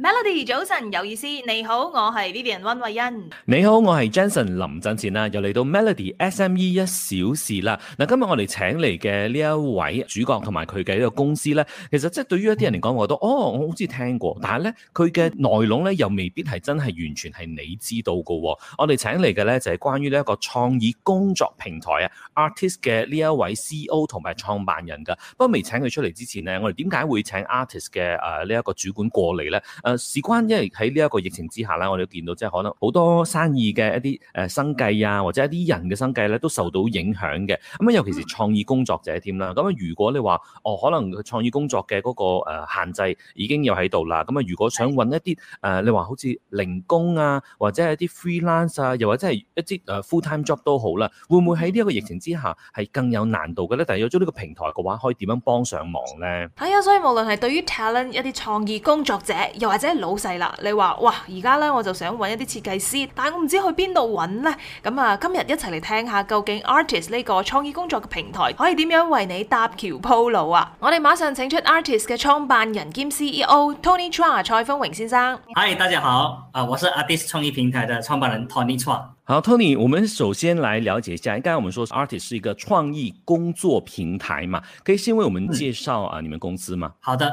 Melody，早晨有意思。你好，我係 Vivian 溫慧欣。你好，我係 Jason 林振前啊。又嚟到 Melody SME 一小時啦。嗱，今日我哋請嚟嘅呢一位主角同埋佢嘅呢個公司咧，其實即係對於一啲人嚟講，我覺得哦，我好似聽過，但係咧佢嘅內容咧又未必係真係完全係你知道噶。我哋請嚟嘅咧就係關於呢一個創意工作平台啊，Artist 嘅呢一位 CEO 同埋創辦人噶。不過未請佢出嚟之前呢，我哋點解會請 Artist 嘅誒呢一個主管過嚟咧？事關，因為喺呢一個疫情之下咧，我哋見到即係可能好多生意嘅一啲生計啊，或者一啲人嘅生計咧都受到影響嘅。咁尤其是創意工作者添啦。咁如果你話哦，可能創意工作嘅嗰個限制已經有喺度啦。咁啊，如果想揾一啲的、呃、你話好似零工啊，或者係一啲 freelance 啊，又或者係一啲 full-time job 都好啦，會唔會喺呢一個疫情之下係更有難度嘅咧？但係有咗呢個平台嘅話，可以點樣幫上忙咧？係啊，所以無論係對於 talent 一啲創意工作者，又或，或者老細啦，你話哇，而家呢我就想揾一啲設計師，但係我唔知去邊度揾呢。」咁啊，今日一齊嚟聽下究竟 Artist 呢個創意工作嘅平台可以點樣為你搭橋鋪路啊！我哋馬上請出 Artist 嘅創辦人兼 CEO Tony Chua 蔡鋒榮先生。係，大家好，啊，我是 Artist 創意平台嘅創辦人 Tony Chua。好，Tony，我們首先嚟了解一下，剛才我們說 Artist 是一個創意工作平台嘛，可以先為我們介紹啊，你們公司嗎？嗯，好的。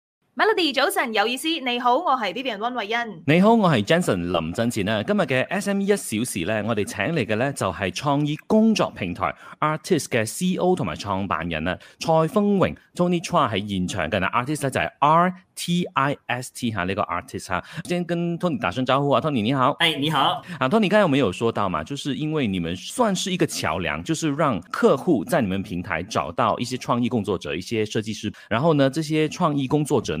Melody，早晨，有意思。你好，我係 B B 人溫慧欣。你好，我係 Jensen 林振前啊。今日嘅 S M E 一小時咧，我哋請嚟嘅咧就係、是、創意工作平台 Artist 嘅 C O 同埋創辦人啊，蔡峰榮 Tony t r a 喺現場嘅嗱。Artist 咧就係、是、R T I S T 吓，呢、這個 Artist 吓。先跟 Tony 打聲招呼啊，Tony 你好。哎，你好。啊，Tony，剛才我沒有說到嘛，就是因為你們算是一個橋樑，就是讓客戶在你們平台找到一些創意工作者、一些設計師，然後呢，這些創意工作者呢。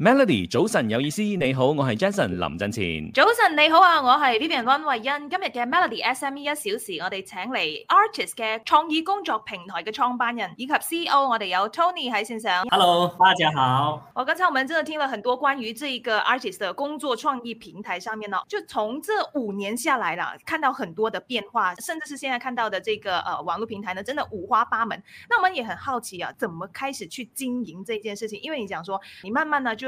Melody，早晨有意思，你好，我是 Jason 林振前。早晨你好啊，我係 Vivian 溫慧欣。今日嘅 Melody S M E 一小時，我哋請嚟 Artist 嘅創意工作平台嘅創辦人以及 C E O，我哋有 Tony 喺線上。Hello，大家好。我剛才我們真的聽了很多關於呢個 Artist 嘅工作創意平台上面呢，就從這五年下來啦，看到很多的變化，甚至是現在看到的這個誒、呃、網絡平台呢，真的五花八門。那我們也很好奇啊，怎麼開始去經營這件事情？因為你想說，你慢慢呢就。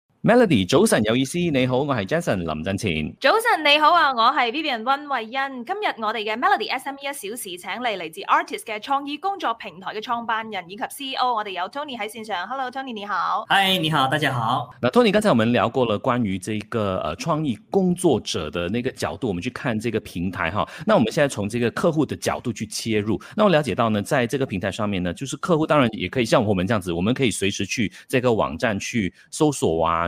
Melody，早晨有意思，你好，我是 Jason 林振晴。早晨你好啊，我是 Vivian 溫慧欣。今日我哋嘅 Melody S M E 一小時，請你來自 Artist 嘅創意工作平台嘅創辦人以及 C E O，我哋有 Tony 喺線上。Hello，Tony 你好。嗨，你好，大家好。那 Tony，剛才我們聊過了關於這個誒創意工作者的那個角度，我們去看這個平台哈。那我們現在從這個客戶的角度去切入。那我了解到呢，在這個平台上面呢，就是客戶當然也可以像我們這樣子，我們可以隨時去這個網站去搜索啊。